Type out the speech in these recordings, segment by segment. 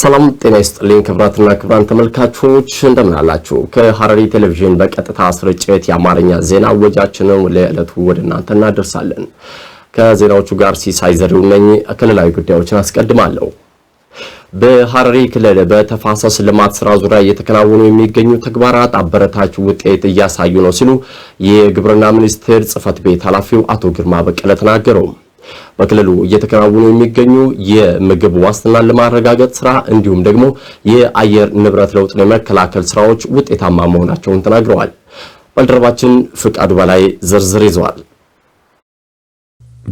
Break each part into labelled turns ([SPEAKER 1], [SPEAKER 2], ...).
[SPEAKER 1] ሰላም ጤና ይስጥልኝ ክብራትና ክብራን ተመልካቾች እንደምን አላችሁ? ከሐረሪ ቴሌቪዥን በቀጥታ ስርጭት የአማርኛ ዜና ወጃችንን ለዕለቱ ወደ እናንተ እናደርሳለን። ከዜናዎቹ ጋር ሲሳይ ዘሪው ነኝ። ክልላዊ ጉዳዮችን አስቀድማለሁ። በሐረሪ ክልል በተፋሰስ ልማት ስራ ዙሪያ እየተከናወኑ የሚገኙ ተግባራት አበረታች ውጤት እያሳዩ ነው ሲሉ የግብርና ሚኒስቴር ጽህፈት ቤት ኃላፊው አቶ ግርማ በቀለ ተናገረው። በክልሉ እየተከናወኑ የሚገኙ የምግብ ዋስትናን ለማረጋገጥ ስራ እንዲሁም ደግሞ የአየር ንብረት ለውጥን የመከላከል ስራዎች ውጤታማ መሆናቸውን ተናግረዋል። ባልደረባችን ፍቃዱ በላይ ዝርዝር ይዘዋል።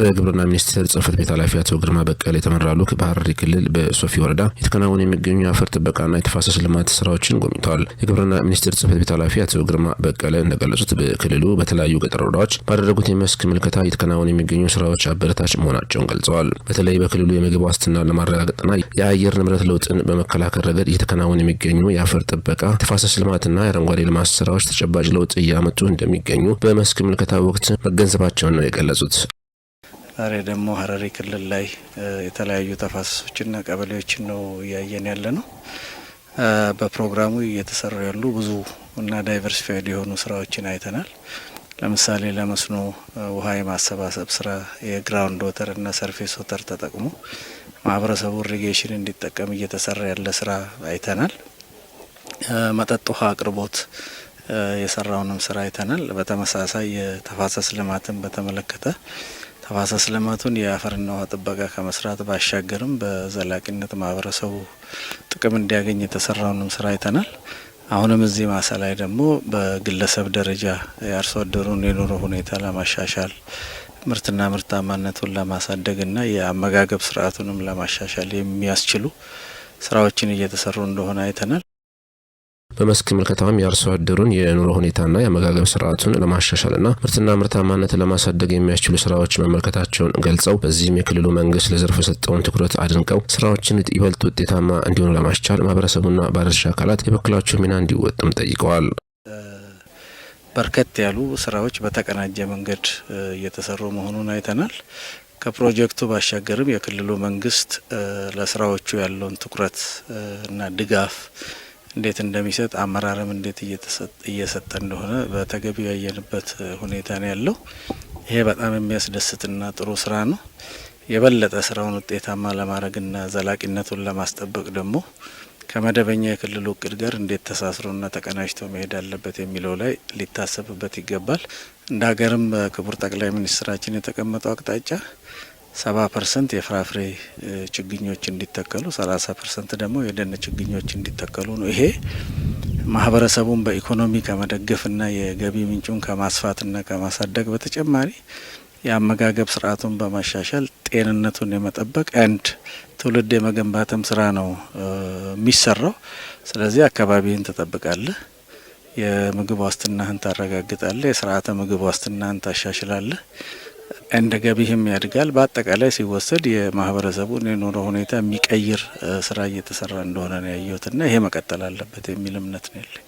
[SPEAKER 1] በግብርና ሚኒስቴር ጽህፈት ቤት ኃላፊ አቶ ግርማ በቀል የተመራ ልዑክ በሐረሪ ክልል በሶፊ ወረዳ የተከናወኑ የሚገኙ የአፈር ጥበቃና የተፋሰስ ልማት ስራዎችን ጎብኝተዋል። የግብርና ሚኒስቴር ጽህፈት ቤት ኃላፊ አቶ ግርማ በቀለ እንደገለጹት በክልሉ በተለያዩ ገጠር ወረዳዎች ባደረጉት የመስክ ምልከታ የተከናወኑ የሚገኙ ስራዎች አበረታች መሆናቸውን ገልጸዋል። በተለይ በክልሉ የምግብ ዋስትና ለማረጋገጥና የአየር ንብረት ለውጥን በመከላከል ረገድ እየተከናወኑ የሚገኙ የአፈር ጥበቃ የተፋሰስ ልማትና የአረንጓዴ ልማት ስራዎች ተጨባጭ ለውጥ እያመጡ እንደሚገኙ በመስክ ምልከታ ወቅት መገንዘባቸውን ነው የገለጹት።
[SPEAKER 2] ዛሬ ደግሞ ሀረሪ ክልል ላይ የተለያዩ ተፋሰሶችና ቀበሌዎችን ነው እያየን ያለ ነው። በፕሮግራሙ እየተሰሩ ያሉ ብዙ እና ዳይቨርሲፋይድ የሆኑ ስራዎችን አይተናል። ለምሳሌ ለመስኖ ውሃ የማሰባሰብ ስራ የግራውንድ ወተር እና ሰርፌስ ወተር ተጠቅሞ ማህበረሰቡ ኢሪጌሽን እንዲጠቀም እየተሰራ ያለ ስራ አይተናል። መጠጥ ውሃ አቅርቦት የሰራውንም ስራ አይተናል። በተመሳሳይ የተፋሰስ ልማትን በተመለከተ ተፋሰስ ልማቱን የአፈርና ውሃ ጥበቃ ከመስራት ባሻገርም በዘላቂነት ማህበረሰቡ ጥቅም እንዲያገኝ የተሰራውንም ስራ አይተናል። አሁንም እዚህ ማሳ ላይ ደግሞ በግለሰብ ደረጃ የአርሶ አደሩን የኑሮ ሁኔታ ለማሻሻል ምርትና ምርታማነቱን ለማሳደግና የአመጋገብ ስርዓቱንም ለማሻሻል የሚያስችሉ ስራዎችን እየተሰሩ እንደሆነ አይተናል።
[SPEAKER 1] በመስክ ምልከታም የአርሶ አደሩን የኑሮ ሁኔታና የአመጋገብ ስርዓቱን ለማሻሻልና ምርትና ምርታማነት ለማሳደግ የሚያስችሉ ስራዎች መመልከታቸውን ገልጸው በዚህም የክልሉ መንግስት ለዘርፍ የሰጠውን ትኩረት አድንቀው ስራዎችን ይበልጥ ውጤታማ እንዲሆኑ ለማስቻል ማህበረሰቡና ባለድርሻ አካላት የበኩላቸው ሚና እንዲወጥም ጠይቀዋል።
[SPEAKER 2] በርከት ያሉ ስራዎች በተቀናጀ መንገድ እየተሰሩ መሆኑን አይተናል። ከፕሮጀክቱ ባሻገርም የክልሉ መንግስት ለስራዎቹ ያለውን ትኩረት እና ድጋፍ እንዴት እንደሚሰጥ አመራርም እንዴት እየሰጠ እንደሆነ በተገቢ ያየንበት ሁኔታ ነው ያለው። ይሄ በጣም የሚያስደስትና ጥሩ ስራ ነው። የበለጠ ስራውን ውጤታማ ለማድረግና ዘላቂነቱን ለማስጠበቅ ደግሞ ከመደበኛ የክልሉ እቅድ ጋር እንዴት ተሳስሮና ተቀናጅቶ መሄድ አለበት የሚለው ላይ ሊታሰብበት ይገባል። እንደ ሀገርም ክቡር ጠቅላይ ሚኒስትራችን የተቀመጠው አቅጣጫ ሰባ ፐርሰንት የፍራፍሬ ችግኞች እንዲተከሉ ሰላሳ ፐርሰንት ደግሞ የደን ችግኞች እንዲተከሉ ነው። ይሄ ማህበረሰቡን በኢኮኖሚ ከመደገፍና የገቢ ምንጩን ከማስፋትና ከማሳደግ በተጨማሪ የአመጋገብ ስርዓቱን በማሻሻል ጤንነቱን የመጠበቅ አንድ ትውልድ የመገንባትም ስራ ነው የሚሰራው። ስለዚህ አካባቢህን ትጠብቃለህ፣ የምግብ ዋስትናህን ታረጋግጣለህ፣ የስርዓተ ምግብ ዋስትናህን ታሻሽላለህ። እንደ ገቢህም ያድጋል። በአጠቃላይ ሲወሰድ የማህበረሰቡን የኑሮ ሁኔታ የሚቀይር ስራ እየተሰራ እንደሆነ ነው ያየሁትና ይሄ መቀጠል አለበት የሚል እምነት ነው ያለኝ።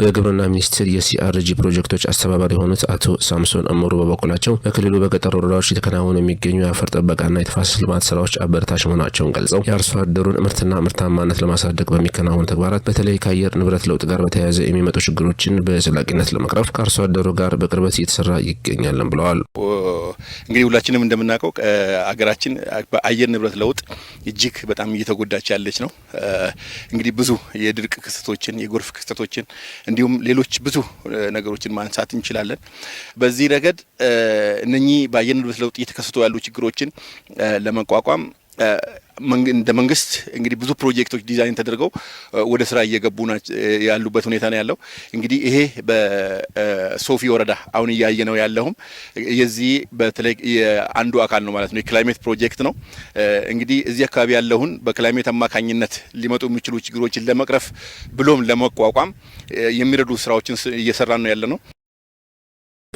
[SPEAKER 1] በግብርና ሚኒስቴር የሲአርጂ ፕሮጀክቶች አስተባባሪ የሆኑት አቶ ሳምሶን አሞሩ በበኩላቸው በክልሉ በገጠር ወረዳዎች የተከናወኑ የሚገኙ የአፈር ጥበቃና የተፋሰስ ልማት ስራዎች አበረታች መሆናቸውን ገልጸው የአርሶ አደሩን ምርትና ምርታማነት ለማሳደግ በሚከናወኑ ተግባራት በተለይ ከአየር ንብረት ለውጥ ጋር በተያያዘ የሚመጡ ችግሮችን በዘላቂነት ለመቅረፍ ከአርሶ አደሩ ጋር በቅርበት እየተሰራ ይገኛለን ብለዋል።
[SPEAKER 3] እንግዲህ ሁላችንም እንደምናውቀው አገራችን በአየር ንብረት ለውጥ እጅግ በጣም እየተጎዳች ያለች ነው። እንግዲህ ብዙ የድርቅ ክስተቶችን የጎርፍ ክስተቶችን እንዲሁም ሌሎች ብዙ ነገሮችን ማንሳት እንችላለን። በዚህ ረገድ እነኚህ በአየር ንብረት ለውጥ እየተከሰቱ ያሉ ችግሮችን ለመቋቋም እንደ መንግስት እንግዲህ ብዙ ፕሮጀክቶች ዲዛይን ተደርገው ወደ ስራ እየገቡ ያሉበት ሁኔታ ነው ያለው። እንግዲህ ይሄ በሶፊ ወረዳ አሁን እያየ ነው ያለሁም የዚህ በተለይ የአንዱ አካል ነው ማለት ነው። የክላይሜት ፕሮጀክት ነው እንግዲህ እዚህ አካባቢ ያለውን በክላይሜት አማካኝነት ሊመጡ የሚችሉ ችግሮችን ለመቅረፍ ብሎም ለመቋቋም የሚረዱ ስራዎችን እየሰራ ነው ያለ ነው።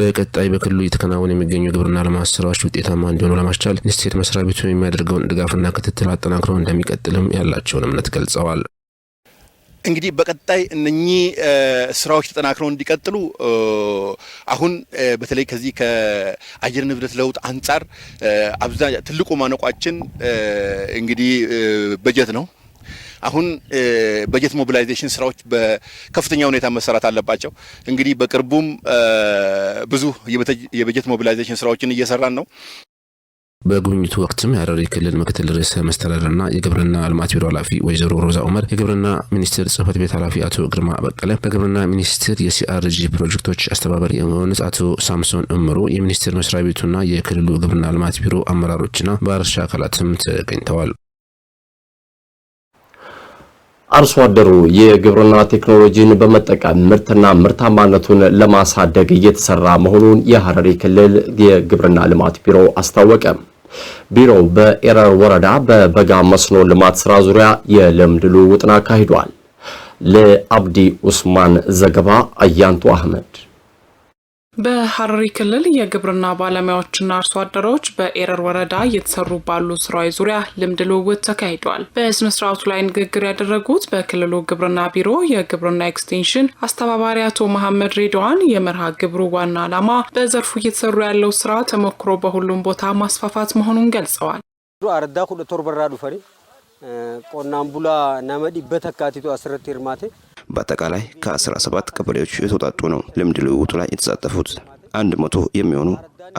[SPEAKER 1] በቀጣይ በክልሉ እየተከናወኑ የሚገኙ ግብርና ልማት ስራዎች ውጤታማ እንዲሆኑ ለማስቻል ኢንስቴት መስሪያ ቤቱ የሚያደርገውን ድጋፍና ክትትል አጠናክሮ እንደሚቀጥልም ያላቸውን እምነት ገልጸዋል።
[SPEAKER 3] እንግዲህ በቀጣይ እነኚህ ስራዎች ተጠናክረው እንዲቀጥሉ አሁን በተለይ ከዚህ ከአየር ንብረት ለውጥ አንጻር አብዛኛ ትልቁ ማነቋችን እንግዲህ በጀት ነው። አሁን በጀት ሞቢላይዜሽን ስራዎች በከፍተኛ ሁኔታ መሰራት አለባቸው። እንግዲህ በቅርቡም ብዙ የበጀት ሞቢላይዜሽን ስራዎችን እየሰራን ነው።
[SPEAKER 1] በጉብኝቱ ወቅትም የሐረሪ ክልል ምክትል ርዕሰ መስተዳደርና የግብርና ልማት ቢሮ ኃላፊ ወይዘሮ ሮዛ ኡመር፣ የግብርና ሚኒስቴር ጽህፈት ቤት ኃላፊ አቶ ግርማ በቀለ፣ በግብርና ሚኒስቴር የሲአርጂ ፕሮጀክቶች አስተባባሪ የሆኑት አቶ ሳምሶን እምሩ፣ የሚኒስቴር መስሪያ ቤቱና የክልሉ ግብርና ልማት ቢሮ አመራሮችና ባለድርሻ አካላትም ተገኝተዋል። አርሶ አደሩ የግብርና ቴክኖሎጂን በመጠቀም ምርትና ምርታማነቱን ለማሳደግ እየተሰራ መሆኑን የሐረሪ ክልል የግብርና ልማት ቢሮ አስታወቀ። ቢሮው በኤረር ወረዳ በበጋ መስኖ ልማት ስራ ዙሪያ የልምድ ልውውጥን አካሂዷል። ለአብዲ ኡስማን ዘገባ አያንቱ አህመድ
[SPEAKER 4] በሐረሪ ክልል የግብርና ባለሙያዎችና አርሶ አደሮች በኤረር ወረዳ እየተሰሩ ባሉ ስራዎች ዙሪያ ልምድ ልውውጥ ተካሂዷል። በስነ ስርዓቱ ላይ ንግግር ያደረጉት በክልሉ ግብርና ቢሮ የግብርና ኤክስቴንሽን አስተባባሪ አቶ መሐመድ ሬድዋን የመርሃ ግብሩ ዋና ዓላማ በዘርፉ እየተሰሩ ያለው ስራ ተሞክሮ በሁሉም ቦታ ማስፋፋት መሆኑን ገልጸዋል።
[SPEAKER 5] አረዳ ሁለት ወር በራ ዱፈሪ ቆናን ቡላ አስረት ርማቴ
[SPEAKER 6] በአጠቃላይ ከ17 ቀበሌዎች የተውጣጡ ነው ልምድ ልውውጡ ላይ የተሳተፉት። አንድ መቶ የሚሆኑ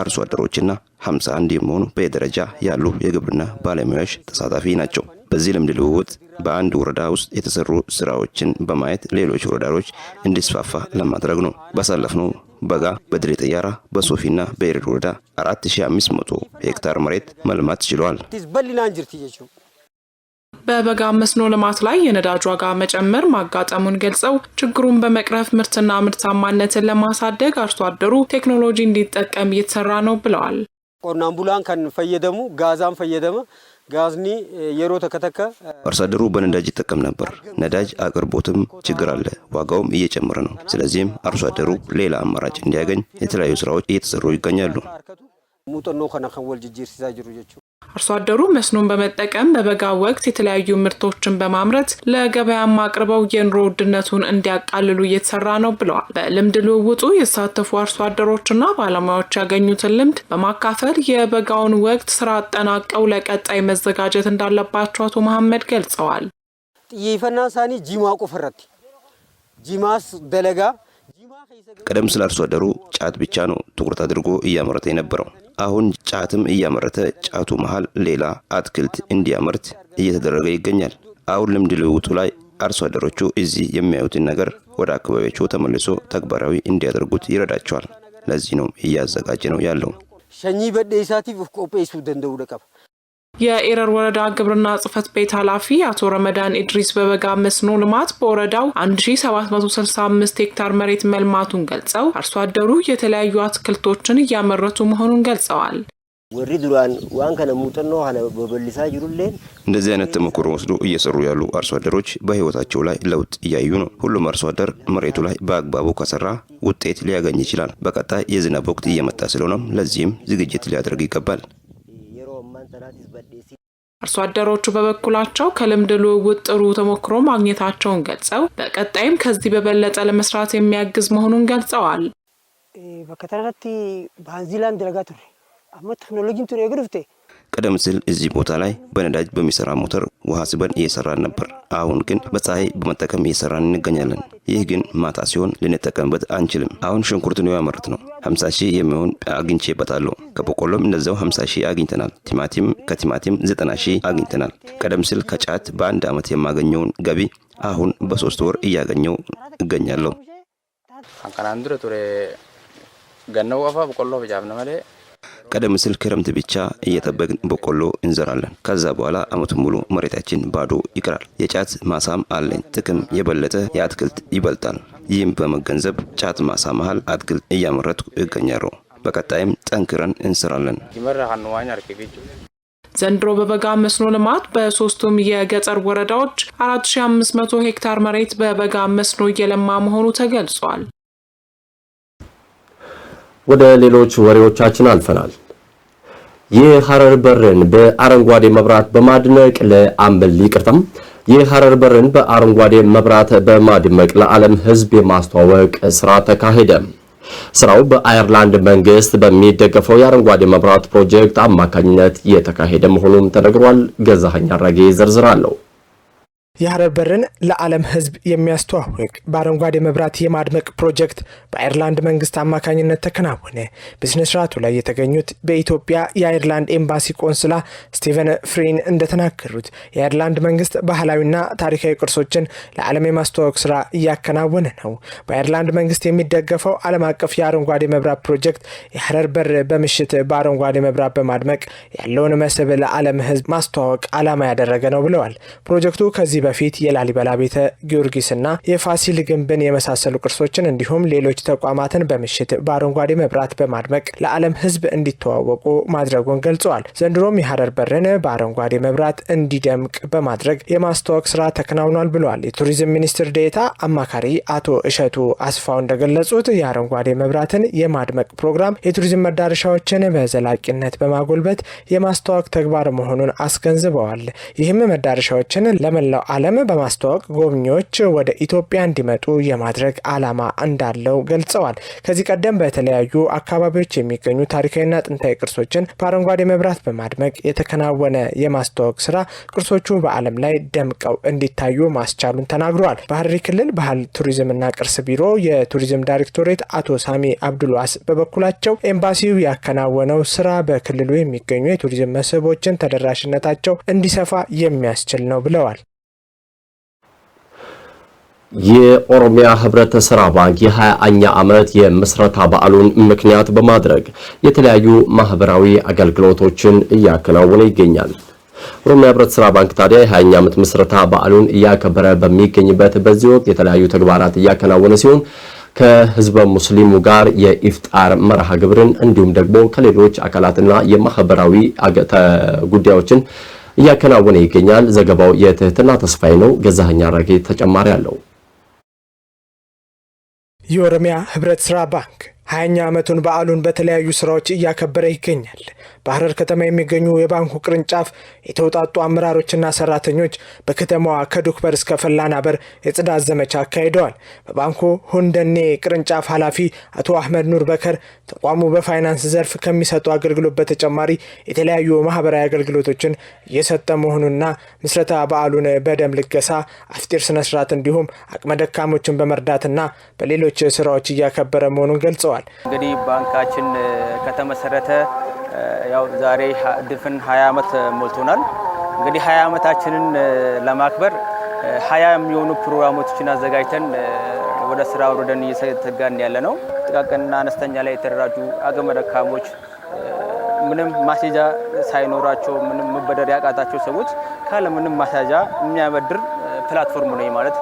[SPEAKER 6] አርሶ አደሮችና 51 የሚሆኑ በየደረጃ ያሉ የግብርና ባለሙያዎች ተሳታፊ ናቸው። በዚህ ልምድ ልውውጥ በአንድ ወረዳ ውስጥ የተሰሩ ስራዎችን በማየት ሌሎች ወረዳዎች እንዲስፋፋ ለማድረግ ነው። ባሳለፍነው በጋ በድሬ ጠያራ በሶፊና በኤሬድ ወረዳ 4500 ሄክታር መሬት መልማት ችለዋል።
[SPEAKER 4] በበጋ መስኖ ልማት ላይ የነዳጅ ዋጋ መጨመር ማጋጠሙን ገልጸው ችግሩን በመቅረፍ ምርትና ምርታማነትን ለማሳደግ አርሶ አደሩ ቴክኖሎጂ እንዲጠቀም እየተሰራ ነው ብለዋል።
[SPEAKER 7] ቆናን ከን ፈየደሙ ጋዛን ፈየደመ ጋዝኒ የሮ ተከተከ
[SPEAKER 8] አርሶ አደሩ በነዳጅ ይጠቀም ነበር። ነዳጅ አቅርቦትም ችግር አለ፣ ዋጋውም እየጨመረ ነው። ስለዚህም አርሶ አደሩ ሌላ አማራጭ እንዲያገኝ የተለያዩ ስራዎች እየተሰሩ ይገኛሉ። ሙጥኖ ከነከወል
[SPEAKER 4] ጅጅር ሲዛ ጅሩ አርሶ አደሩ መስኖን በመጠቀም በበጋ ወቅት የተለያዩ ምርቶችን በማምረት ለገበያም አቅርበው የኑሮ ውድነቱን እንዲያቃልሉ እየተሰራ ነው ብለዋል። በልምድ ልውውጡ የተሳተፉ አርሶ አደሮችና ባለሙያዎች ያገኙትን ልምድ በማካፈል የበጋውን ወቅት ስራ አጠናቀው ለቀጣይ መዘጋጀት እንዳለባቸው አቶ መሐመድ ገልጸዋል።
[SPEAKER 9] ጥየፈና ሳኒ ጂማ ቆፈረት ጂማስ ደለጋ
[SPEAKER 6] ቀደም ስለ አርሶ አደሩ ጫት ብቻ ነው ትኩረት አድርጎ እያመረተ የነበረው አሁን ጫትም እያመረተ ጫቱ መሀል ሌላ አትክልት እንዲያመርት እየተደረገ ይገኛል። አሁን ልምድ ልውውጡ ላይ አርሶ አደሮቹ እዚህ የሚያዩትን ነገር ወደ አካባቢያቸው ተመልሶ ተግባራዊ እንዲያደርጉት ይረዳቸዋል። ለዚህ ነው እያዘጋጀ ነው ያለው
[SPEAKER 10] ሸኚ በደ ኢሳቲፍ ቆጴሱ ደንደው ደቀብ
[SPEAKER 4] የኤረር ወረዳ ግብርና ጽህፈት ቤት ኃላፊ አቶ ረመዳን ኢድሪስ በበጋ መስኖ ልማት በወረዳው 1765 ሄክታር መሬት መልማቱን ገልጸው አርሶ አደሩ የተለያዩ አትክልቶችን እያመረቱ መሆኑን ገልጸዋል።
[SPEAKER 11] ወሪ ዱራን ዋን ከነ ሙጥኖ ሀለ በበሊሳ ጅሩሌን
[SPEAKER 6] እንደዚህ አይነት ተሞክሮ ወስዶ እየሰሩ ያሉ አርሶ አደሮች በህይወታቸው ላይ ለውጥ እያዩ ነው። ሁሉም አርሶ አደር መሬቱ ላይ በአግባቡ ከሰራ ውጤት ሊያገኝ ይችላል። በቀጣይ የዝናብ ወቅት እየመጣ ስለሆነም ለዚህም ዝግጅት ሊያደርግ ይገባል።
[SPEAKER 4] አርሶ አደሮቹ በበኩላቸው ከልምድ ልውውጥ ጥሩ ተሞክሮ ማግኘታቸውን ገልጸው በቀጣይም ከዚህ በበለጠ ለመስራት የሚያግዝ መሆኑን ገልጸዋል።
[SPEAKER 12] በከተራቲ ባንዚላን ደረጋ ቱሬ አሞ ቴክኖሎጂን ቱሬ ግድፍቴ
[SPEAKER 6] ቀደም ሲል እዚህ ቦታ ላይ በነዳጅ በሚሰራ ሞተር ውሃ ስበን እየሰራን ነበር። አሁን ግን በፀሐይ በመጠቀም እየሰራን እንገኛለን። ይህ ግን ማታ ሲሆን ልንጠቀምበት አንችልም። አሁን ሽንኩርትን ያመርት ነው። ሀምሳ ሺህ የሚሆን አግኝቼበታለሁ። ከበቆሎም እንደዛው 50 ሺህ አግኝተናል። ቲማቲም ከቲማቲም 90 ሺህ አግኝተናል። ቀደም ሲል ከጫት በአንድ ዓመት የማገኘውን ገቢ አሁን በሶስት ወር እያገኘው እገኛለሁ።
[SPEAKER 13] ገነው አፋ በቆሎ ብጫብነ
[SPEAKER 6] ቀደም ሲል ክረምት ብቻ እየጠበቅን በቆሎ እንዘራለን። ከዛ በኋላ አመቱ ሙሉ መሬታችን ባዶ ይቀራል። የጫት ማሳም አለኝ። ጥቅም የበለጠ የአትክልት ይበልጣል። ይህም በመገንዘብ ጫት ማሳ መሃል አትክልት እያመረትኩ ይገኛሉ። በቀጣይም ጠንክረን እንሰራለን።
[SPEAKER 4] ዘንድሮ በበጋ መስኖ ልማት በሶስቱም የገጠር ወረዳዎች 4500 ሄክታር መሬት በበጋ መስኖ እየለማ መሆኑ ተገልጿል።
[SPEAKER 1] ወደ ሌሎች ወሬዎቻችን አልፈናል። የሐረር በርን በአረንጓዴ መብራት በማድመቅ ለአምበል ይቅርታም የሐረር በርን በአረንጓዴ መብራት በማድመቅ ለዓለም ሕዝብ የማስተዋወቅ ስራ ተካሄደ። ስራው በአየርላንድ መንግስት በሚደገፈው የአረንጓዴ መብራት ፕሮጀክት አማካኝነት የተካሄደ መሆኑም ተነግሯል። ገዛኸኝ አራጌ ዝርዝር አለው።
[SPEAKER 4] የሀረር በርን ለዓለም ሕዝብ የሚያስተዋውቅ በአረንጓዴ መብራት የማድመቅ ፕሮጀክት በአይርላንድ መንግስት አማካኝነት ተከናወነ። በሥነ ስርዓቱ ላይ የተገኙት በኢትዮጵያ የአይርላንድ ኤምባሲ ቆንስላ ስቲቨን ፍሪን እንደተናገሩት የአይርላንድ መንግስት ባህላዊና ታሪካዊ ቅርሶችን ለዓለም የማስተዋወቅ ስራ እያከናወነ ነው። በአይርላንድ መንግስት የሚደገፈው ዓለም አቀፍ የአረንጓዴ መብራት ፕሮጀክት የሀረር በር በምሽት በአረንጓዴ መብራት በማድመቅ ያለውን መስህብ ለዓለም ሕዝብ ማስተዋወቅ ዓላማ ያደረገ ነው ብለዋል። ፕሮጀክቱ ከዚህ በፊት የላሊበላ ቤተ ጊዮርጊስና የፋሲል ግንብን የመሳሰሉ ቅርሶችን እንዲሁም ሌሎች ተቋማትን በምሽት በአረንጓዴ መብራት በማድመቅ ለዓለም ሕዝብ እንዲተዋወቁ ማድረጉን ገልጸዋል። ዘንድሮም የሀረር በርን በአረንጓዴ መብራት እንዲደምቅ በማድረግ የማስተዋወቅ ስራ ተከናውኗል ብለዋል። የቱሪዝም ሚኒስትር ዴታ አማካሪ አቶ እሸቱ አስፋው እንደገለጹት የአረንጓዴ መብራትን የማድመቅ ፕሮግራም የቱሪዝም መዳረሻዎችን በዘላቂነት በማጎልበት የማስተዋወቅ ተግባር መሆኑን አስገንዝበዋል። ይህም መዳረሻዎችን ለመላው ዓለም በማስተዋወቅ ጎብኚዎች ወደ ኢትዮጵያ እንዲመጡ የማድረግ ዓላማ እንዳለው ገልጸዋል። ከዚህ ቀደም በተለያዩ አካባቢዎች የሚገኙ ታሪካዊና ጥንታዊ ቅርሶችን በአረንጓዴ መብራት በማድመቅ የተከናወነ የማስተዋወቅ ስራ ቅርሶቹ በዓለም ላይ ደምቀው እንዲታዩ ማስቻሉን ተናግረዋል። ሐረሪ ክልል ባህል ቱሪዝምና ቅርስ ቢሮ የቱሪዝም ዳይሬክቶሬት አቶ ሳሚ አብዱልዋስ በበኩላቸው ኤምባሲው ያከናወነው ስራ በክልሉ የሚገኙ የቱሪዝም መስህቦችን ተደራሽነታቸው እንዲሰፋ የሚያስችል ነው ብለዋል።
[SPEAKER 1] የኦሮሚያ ህብረተ ስራ ባንክ የ20ኛ ዓመት የምስረታ በዓሉን ምክንያት በማድረግ የተለያዩ ማህበራዊ አገልግሎቶችን እያከናወነ ይገኛል። ኦሮሚያ ህብረት ስራ ባንክ ታዲያ የ20ኛ ዓመት ምስረታ በዓሉን እያከበረ በሚገኝበት በዚህ ወቅት የተለያዩ ተግባራት እያከናወነ ሲሆን ከህዝበ ሙስሊሙ ጋር የኢፍጣር መርሃ ግብርን እንዲሁም ደግሞ ከሌሎች አካላትና የማህበራዊ ጉዳዮችን እያከናወነ ይገኛል። ዘገባው የትህትና ተስፋዬ ነው። ገዛኸኝ አራጌ ተጨማሪ አለው።
[SPEAKER 4] የኦሮሚያ ህብረት ስራ ባንክ ሀያኛ ዓመቱን በዓሉን በተለያዩ ስራዎች እያከበረ ይገኛል። በሐረር ከተማ የሚገኙ የባንኩ ቅርንጫፍ የተውጣጡ አመራሮችና ሰራተኞች በከተማዋ ከዱክበር እስከ ፈላናበር የጽዳት ዘመቻ አካሂደዋል። በባንኩ ሁንደኔ ቅርንጫፍ ኃላፊ አቶ አህመድ ኑር በከር ተቋሙ በፋይናንስ ዘርፍ ከሚሰጡ አገልግሎት በተጨማሪ የተለያዩ ማህበራዊ አገልግሎቶችን እየሰጠ መሆኑና ምስረታ በዓሉን በደም ልገሳ፣ አፍጢር ስነስርዓት እንዲሁም አቅመ ደካሞችን በመርዳትና በሌሎች ስራዎች እያከበረ መሆኑን ገልጸዋል።
[SPEAKER 14] እንግዲህ ባንካችን ከተመሰረተ ያው ዛሬ ድፍን 20 ዓመት ሞልቶናል። እንግዲህ 20 ዓመታችንን ለማክበር 20 የሚሆኑ ፕሮግራሞችን አዘጋጅተን ወደ ስራ ወረደን እየተጋን ያለ ነው። ጥቃቅንና አነስተኛ ላይ የተደራጁ አቅመ ደካሞች ምንም ማስያዣ ሳይኖራቸው ምንም መበደር ያቃታቸው ሰዎች ካለ ምንም ማስያዣ የሚያበድር ፕላትፎርም ነው ማለት።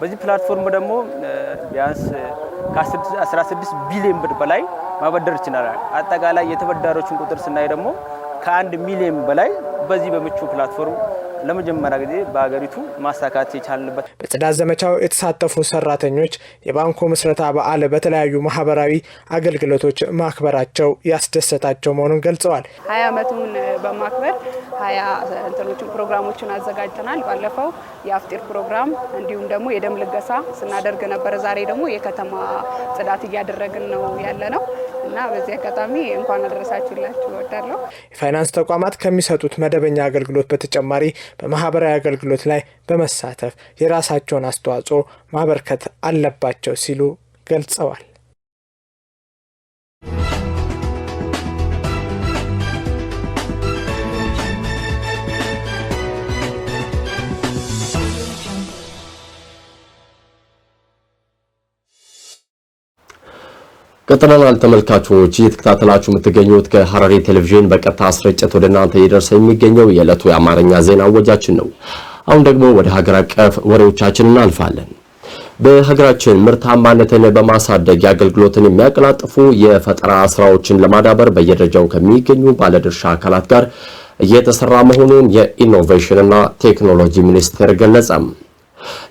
[SPEAKER 14] በዚህ ፕላትፎርም ደግሞ ቢያንስ ከ16 ቢሊዮን ብር በላይ ማበደር ይችላል። አጠቃላይ የተበዳሪዎችን ቁጥር ስናይ ደግሞ ከአንድ ሚሊዮን በላይ በዚህ በምቹ ፕላትፎርም ለመጀመሪያ ጊዜ በሀገሪቱ ማሳካት የቻልንበት።
[SPEAKER 4] በጽዳት ዘመቻው የተሳተፉ ሰራተኞች የባንኩ ምስረታ በዓል በተለያዩ ማህበራዊ አገልግሎቶች ማክበራቸው ያስደሰታቸው መሆኑን ገልጸዋል።
[SPEAKER 15] ሀያ ዓመቱን በማክበር ሀያ እንትኖችን ፕሮግራሞችን አዘጋጅተናል። ባለፈው የአፍጢር ፕሮግራም እንዲሁም ደግሞ የደም ልገሳ ስናደርግ ነበረ። ዛሬ ደግሞ የከተማ ጽዳት እያደረግን ነው ያለ ነው እና በዚህ አጋጣሚ እንኳን አደረሳችሁላችሁ እወዳለሁ።
[SPEAKER 4] የፋይናንስ ተቋማት ከሚሰጡት መደበኛ አገልግሎት በተጨማሪ በማህበራዊ አገልግሎት ላይ በመሳተፍ የራሳቸውን አስተዋጽኦ ማበርከት አለባቸው ሲሉ ገልጸዋል።
[SPEAKER 1] ቀጥለናል ተመልካቾች፣ እየተከታተላችሁ የምትገኙት ከሐረሪ ቴሌቪዥን በቀጥታ ስርጭት ወደ እናንተ እየደረሰ የሚገኘው የዕለቱ የአማርኛ ዜና አወጃችን ነው። አሁን ደግሞ ወደ ሀገር አቀፍ ወሬዎቻችን እናልፋለን። በሀገራችን ምርታማነትን በማሳደግ የአገልግሎትን የሚያቀላጥፉ የፈጠራ ስራዎችን ለማዳበር በየደረጃው ከሚገኙ ባለድርሻ አካላት ጋር እየተሰራ መሆኑን የኢኖቬሽንና ቴክኖሎጂ ሚኒስቴር ገለጸም።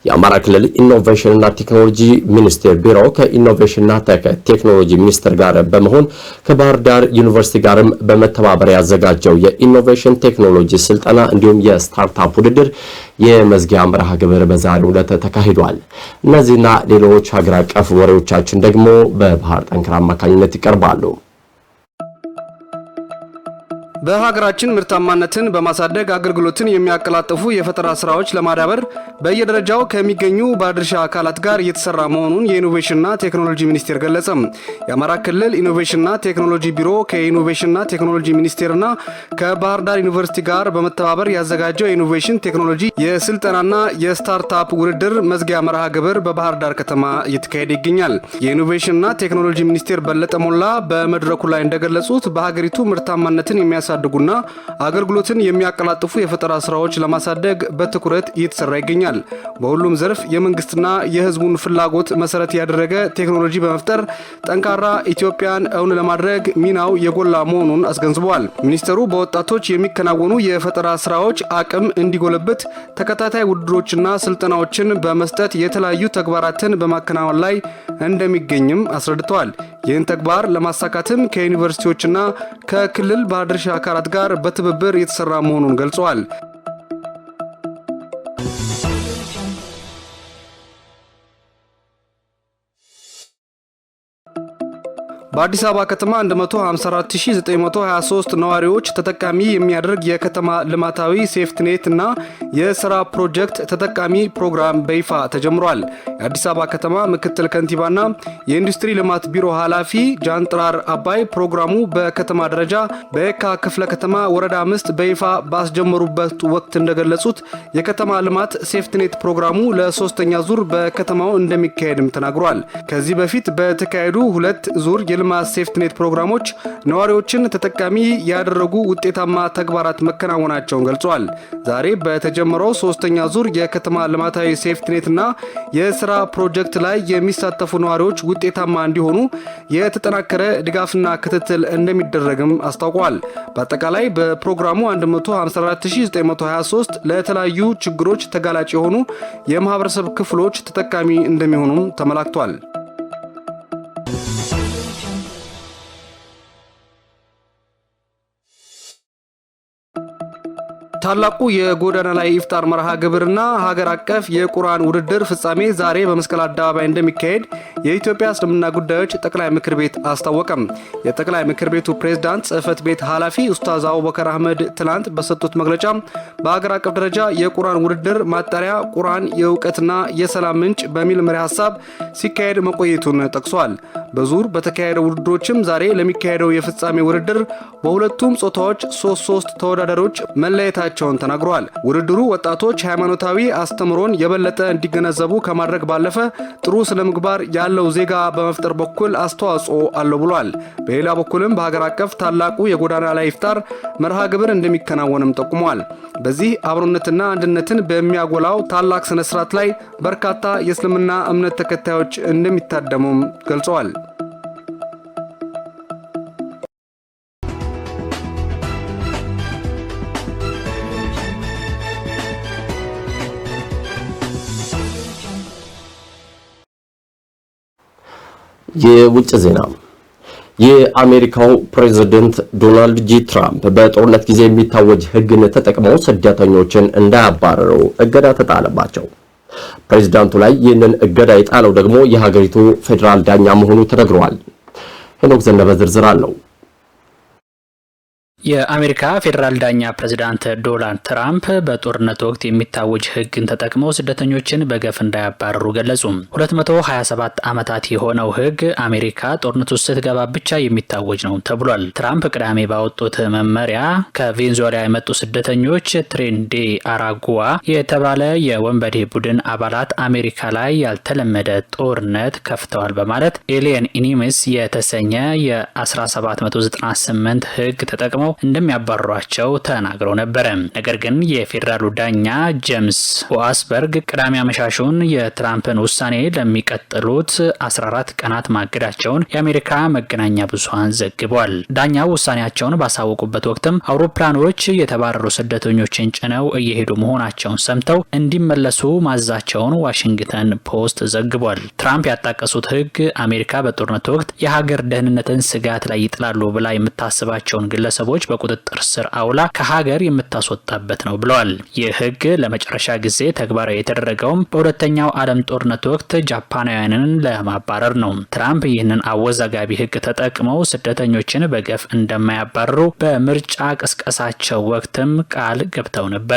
[SPEAKER 1] የአማራ ክልል ኢኖቬሽንና ቴክኖሎጂ ሚኒስቴር ቢሮ ከኢኖቬሽንና ቴክኖሎጂ ሚኒስቴር ጋር በመሆን ከባህር ዳር ዩኒቨርሲቲ ጋርም በመተባበር ያዘጋጀው የኢኖቬሽን ቴክኖሎጂ ስልጠና እንዲሁም የስታርታፕ ውድድር የመዝጊያ መርሃ ግብር በዛሬው ዕለት ተካሂዷል። እነዚህና ሌሎች ሀገር አቀፍ ወሬዎቻችን ደግሞ በባህር ጠንክር አማካኝነት ይቀርባሉ።
[SPEAKER 4] በሀገራችን ምርታማነትን በማሳደግ አገልግሎትን የሚያቀላጥፉ የፈጠራ ስራዎች ለማዳበር በየደረጃው ከሚገኙ ባለድርሻ አካላት ጋር እየተሰራ መሆኑን የኢኖቬሽንና ቴክኖሎጂ ሚኒስቴር ገለጸ የአማራ ክልል ኢኖቬሽንና ቴክኖሎጂ ቢሮ ከኢኖቬሽንና ቴክኖሎጂ ሚኒስቴርና ከባህር ዳር ዩኒቨርሲቲ ጋር በመተባበር ያዘጋጀው የኢኖቬሽን ቴክኖሎጂ የስልጠናና የስታርታፕ ውድድር መዝጊያ መርሃ ግብር በባህር ዳር ከተማ እየተካሄደ ይገኛል። የኢኖቬሽንና ቴክኖሎጂ ሚኒስቴር በለጠ ሞላ በመድረኩ ላይ እንደገለጹት በሀገሪቱ ምርታማነትን የሚያሳ የሚያሳድጉና አገልግሎትን የሚያቀላጥፉ የፈጠራ ስራዎች ለማሳደግ በትኩረት እየተሰራ ይገኛል። በሁሉም ዘርፍ የመንግስትና የህዝቡን ፍላጎት መሰረት ያደረገ ቴክኖሎጂ በመፍጠር ጠንካራ ኢትዮጵያን እውን ለማድረግ ሚናው የጎላ መሆኑን አስገንዝበዋል። ሚኒስተሩ በወጣቶች የሚከናወኑ የፈጠራ ስራዎች አቅም እንዲጎለብት ተከታታይ ውድድሮችና ስልጠናዎችን በመስጠት የተለያዩ ተግባራትን በማከናወን ላይ እንደሚገኝም አስረድተዋል። ይህን ተግባር ለማሳካትም ከዩኒቨርሲቲዎችና ከክልል ባለድርሻ አካላት ጋር በትብብር የተሰራ መሆኑን ገልጸዋል። በአዲስ አበባ ከተማ 154923 ነዋሪዎች ተጠቃሚ የሚያደርግ የከተማ ልማታዊ ሴፍትኔት እና የስራ ፕሮጀክት ተጠቃሚ ፕሮግራም በይፋ ተጀምሯል። የአዲስ አበባ ከተማ ምክትል ከንቲባና የኢንዱስትሪ ልማት ቢሮ ኃላፊ ጃንጥራር አባይ ፕሮግራሙ በከተማ ደረጃ በየካ ክፍለ ከተማ ወረዳ አምስት በይፋ ባስጀመሩበት ወቅት እንደገለጹት የከተማ ልማት ሴፍትኔት ፕሮግራሙ ለሶስተኛ ዙር በከተማው እንደሚካሄድም ተናግሯል። ከዚህ በፊት በተካሄዱ ሁለት ዙር የልማት ሴፍትኔት ፕሮግራሞች ነዋሪዎችን ተጠቃሚ ያደረጉ ውጤታማ ተግባራት መከናወናቸውን ገልጿል። ዛሬ በተጀመረው ሶስተኛ ዙር የከተማ ልማታዊ ሴፍትኔትና የስራ ፕሮጀክት ላይ የሚሳተፉ ነዋሪዎች ውጤታማ እንዲሆኑ የተጠናከረ ድጋፍና ክትትል እንደሚደረግም አስታውቋል። በአጠቃላይ በፕሮግራሙ 154923 ለተለያዩ ችግሮች ተጋላጭ የሆኑ የማህበረሰብ ክፍሎች ተጠቃሚ እንደሚሆኑም ተመላክቷል። ታላቁ የጎዳና ላይ ኢፍጣር መርሃ ግብርና ሀገር አቀፍ የቁርአን ውድድር ፍጻሜ ዛሬ በመስቀል አደባባይ እንደሚካሄድ የኢትዮጵያ እስልምና ጉዳዮች ጠቅላይ ምክር ቤት አስታወቀም። የጠቅላይ ምክር ቤቱ ፕሬዝዳንት ጽህፈት ቤት ኃላፊ ኡስታዝ አቡበከር አህመድ ትናንት በሰጡት መግለጫ በሀገር አቀፍ ደረጃ የቁርአን ውድድር ማጣሪያ ቁርአን የእውቀትና የሰላም ምንጭ በሚል መሪ ሀሳብ ሲካሄድ መቆየቱን ጠቅሷል። በዙር በተካሄደው ውድድሮችም ዛሬ ለሚካሄደው የፍጻሜ ውድድር በሁለቱም ጾታዎች ሶስት ሶስት ተወዳዳሪዎች መለየታቸውን ተናግረዋል። ውድድሩ ወጣቶች ሃይማኖታዊ አስተምሮን የበለጠ እንዲገነዘቡ ከማድረግ ባለፈ ጥሩ ስነ ምግባር ያለው ዜጋ በመፍጠር በኩል አስተዋጽኦ አለው ብሏል። በሌላ በኩልም በሀገር አቀፍ ታላቁ የጎዳና ላይ ኢፍጣር መርሃ ግብር እንደሚከናወንም ጠቁሟል። በዚህ አብሮነትና አንድነትን በሚያጎላው ታላቅ ስነ ስርዓት ላይ በርካታ የእስልምና እምነት ተከታዮች እንደሚታደሙም ገልጸዋል።
[SPEAKER 1] የውጭ ዜና የአሜሪካው ፕሬዝደንት ዶናልድ ጂ ትራምፕ በጦርነት ጊዜ የሚታወጅ ሕግን ተጠቅመው ስደተኞችን እንዳያባረሩ እገዳ ተጣለባቸው። ፕሬዝዳንቱ ላይ ይህንን እገዳ የጣለው ደግሞ የሀገሪቱ ፌዴራል ዳኛ መሆኑ ተነግሯል። ሄኖክ ዘነበ ዝርዝር አለው።
[SPEAKER 16] የአሜሪካ ፌዴራል ዳኛ ፕሬዚዳንት ዶናልድ ትራምፕ በጦርነት ወቅት የሚታወጅ ሕግን ተጠቅመው ስደተኞችን በገፍ እንዳያባረሩ ገለጹ። 227 ዓመታት የሆነው ሕግ አሜሪካ ጦርነት ውስጥ ስትገባ ብቻ የሚታወጅ ነው ተብሏል። ትራምፕ ቅዳሜ ባወጡት መመሪያ ከቬንዙዌላ የመጡ ስደተኞች ትሬንዴ አራጉዋ የተባለ የወንበዴ ቡድን አባላት አሜሪካ ላይ ያልተለመደ ጦርነት ከፍተዋል በማለት ኤሊየን ኢኒምስ የተሰኘ የ1798 ሕግ ተጠቅመው እንደሚያባሯቸው ተናግረው ነበረ። ነገር ግን የፌዴራሉ ዳኛ ጄምስ ኦአስበርግ ቅዳሜ አመሻሹን የትራምፕን ውሳኔ ለሚቀጥሉት 14 ቀናት ማገዳቸውን የአሜሪካ መገናኛ ብዙሀን ዘግቧል። ዳኛው ውሳኔያቸውን ባሳወቁበት ወቅትም አውሮፕላኖች የተባረሩ ስደተኞችን ጭነው እየሄዱ መሆናቸውን ሰምተው እንዲመለሱ ማዛቸውን ዋሽንግተን ፖስት ዘግቧል። ትራምፕ ያጣቀሱት ህግ አሜሪካ በጦርነት ወቅት የሀገር ደህንነትን ስጋት ላይ ይጥላሉ ብላ የምታስባቸውን ግለሰቦች በቁጥጥር ስር አውላ ከሀገር የምታስወጣበት ነው ብለዋል። ይህ ህግ ለመጨረሻ ጊዜ ተግባራዊ የተደረገውም በሁለተኛው ዓለም ጦርነት ወቅት ጃፓናውያንን ለማባረር ነው። ትራምፕ ይህንን አወዛጋቢ ህግ ተጠቅመው ስደተኞችን በገፍ እንደማያባርሩ በምርጫ ቅስቀሳቸው ወቅትም ቃል ገብተው ነበር።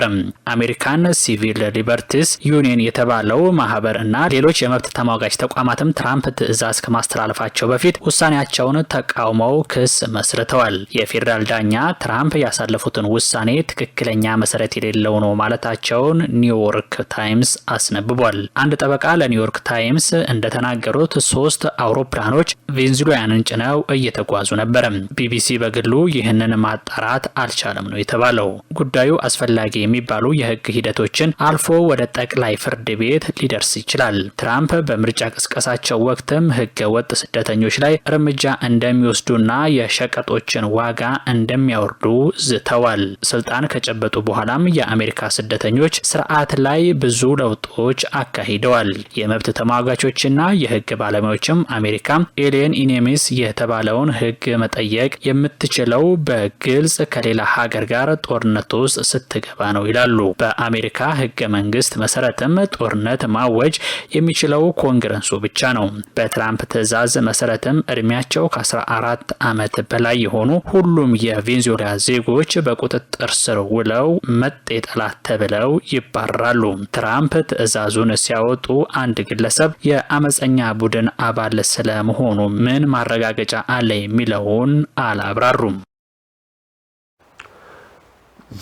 [SPEAKER 16] አሜሪካን ሲቪል ሊበርቲስ ዩኒየን የተባለው ማህበር እና ሌሎች የመብት ተሟጋች ተቋማትም ትራምፕ ትዕዛዝ ከማስተላለፋቸው በፊት ውሳኔያቸውን ተቃውመው ክስ መስርተዋል። የፌዴራል ዳኛ ዳኛ ትራምፕ ያሳለፉትን ውሳኔ ትክክለኛ መሰረት የሌለው ነው ማለታቸውን ኒውዮርክ ታይምስ አስነብቧል። አንድ ጠበቃ ለኒውዮርክ ታይምስ እንደተናገሩት ሶስት አውሮፕላኖች ቬንዙዌላውያንን ጭነው እየተጓዙ ነበር። ቢቢሲ በግሉ ይህንን ማጣራት አልቻለም ነው የተባለው። ጉዳዩ አስፈላጊ የሚባሉ የህግ ሂደቶችን አልፎ ወደ ጠቅላይ ፍርድ ቤት ሊደርስ ይችላል። ትራምፕ በምርጫ ቅስቀሳቸው ወቅትም ህገ ወጥ ስደተኞች ላይ እርምጃ እንደሚወስዱና የሸቀጦችን ዋጋ እንደ እንደሚያወርዱ ዝተዋል። ስልጣን ከጨበጡ በኋላም የአሜሪካ ስደተኞች ስርዓት ላይ ብዙ ለውጦች አካሂደዋል። የመብት ተሟጋቾችና የህግ ባለሙያዎችም አሜሪካ ኤሊየን ኢኔሚስ የተባለውን ህግ መጠየቅ የምትችለው በግልጽ ከሌላ ሀገር ጋር ጦርነት ውስጥ ስትገባ ነው ይላሉ። በአሜሪካ ህገ መንግስት መሰረትም ጦርነት ማወጅ የሚችለው ኮንግረሱ ብቻ ነው። በትራምፕ ትዕዛዝ መሰረትም እድሜያቸው ከ14 ዓመት በላይ የሆኑ ሁሉም የቪ የቤንዙሪያ ዜጎች በቁጥጥር ስር ውለው መጤ ጠላት ተብለው ይባራሉ። ትራምፕ ትዕዛዙን ሲያወጡ አንድ ግለሰብ የአመፀኛ ቡድን አባል ስለመሆኑ ምን ማረጋገጫ አለ የሚለውን አላብራሩም።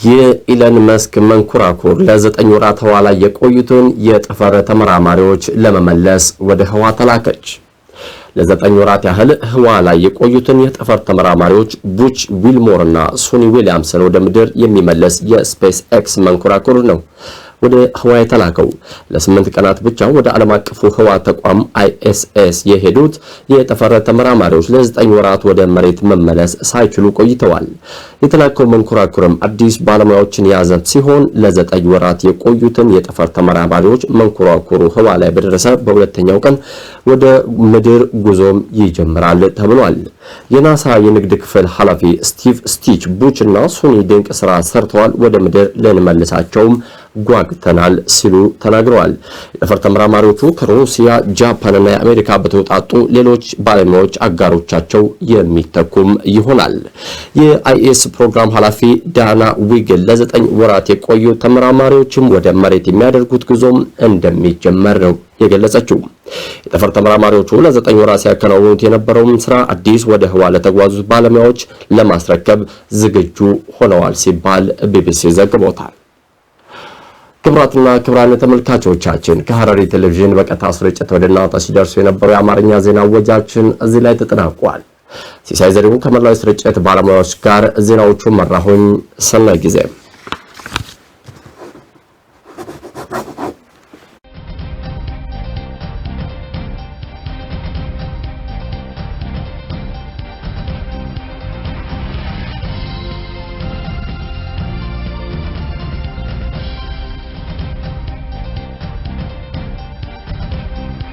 [SPEAKER 1] የኢለን መስክ መንኮራኩር ለዘጠኝ ወራት ኋላ የቆዩትን የጠፈር ተመራማሪዎች ለመመለስ ወደ ህዋ ተላከች። ለዘጠኝ ወራት ያህል ህዋ ላይ የቆዩትን የጠፈር ተመራማሪዎች ቡች ዊልሞር እና ሶኒ ዊሊያምሰን ወደ ምድር የሚመለስ የስፔስ ኤክስ መንኮራኩር ነው። ወደ ህዋ የተላከው። ለስምንት ቀናት ብቻ ወደ ዓለም አቀፉ ህዋ ተቋም አይኤስኤስ የሄዱት የጠፈረ ተመራማሪዎች ለዘጠኝ ወራት ወደ መሬት መመለስ ሳይችሉ ቆይተዋል። የተላከው መንኮራኩርም አዲስ ባለሙያዎችን የያዘ ሲሆን ለዘጠኝ ወራት የቆዩትን የጠፈር ተመራማሪዎች መንኮራኩሩ ህዋ ላይ በደረሰ በሁለተኛው ቀን ወደ ምድር ጉዞም ይጀምራል ተብሏል። የናሳ የንግድ ክፍል ኃላፊ ስቲቭ ስቲች ቡች እና ሱኒ ድንቅ ስራ ሰርተዋል። ወደ ምድር ልንመልሳቸውም ጓግተናል ሲሉ ተናግረዋል። የጠፈር ተመራማሪዎቹ ከሩሲያ ጃፓንና የአሜሪካ በተውጣጡ ሌሎች ባለሙያዎች አጋሮቻቸው የሚተኩም ይሆናል። የአይኤስ ፕሮግራም ኃላፊ ዳና ዊግል ለዘጠኝ ወራት የቆዩ ተመራማሪዎችም ወደ መሬት የሚያደርጉት ጉዞም እንደሚጀመር ነው የገለጸችው። የጠፈር ተመራማሪዎቹ ለዘጠኝ ወራት ሲያከናውኑት የነበረውን ስራ አዲስ ወደ ህዋ ለተጓዙት ባለሙያዎች ለማስረከብ ዝግጁ ሆነዋል ሲባል ቢቢሲ ዘግቦታል። ክብራትና ክብራን ተመልካቾቻችን ከሐረሪ ቴሌቪዥን በቀጥታ ስርጭት ወደ እናንተ ሲደርሱ የነበሩ የአማርኛ ዜና ወጃችን እዚህ ላይ ተጠናቋል። ሲሳይ ዘሪሁን ከመላው ስርጭት ባለሙያዎች ጋር ዜናዎቹን መራሁኝ። ሰናይ ጊዜ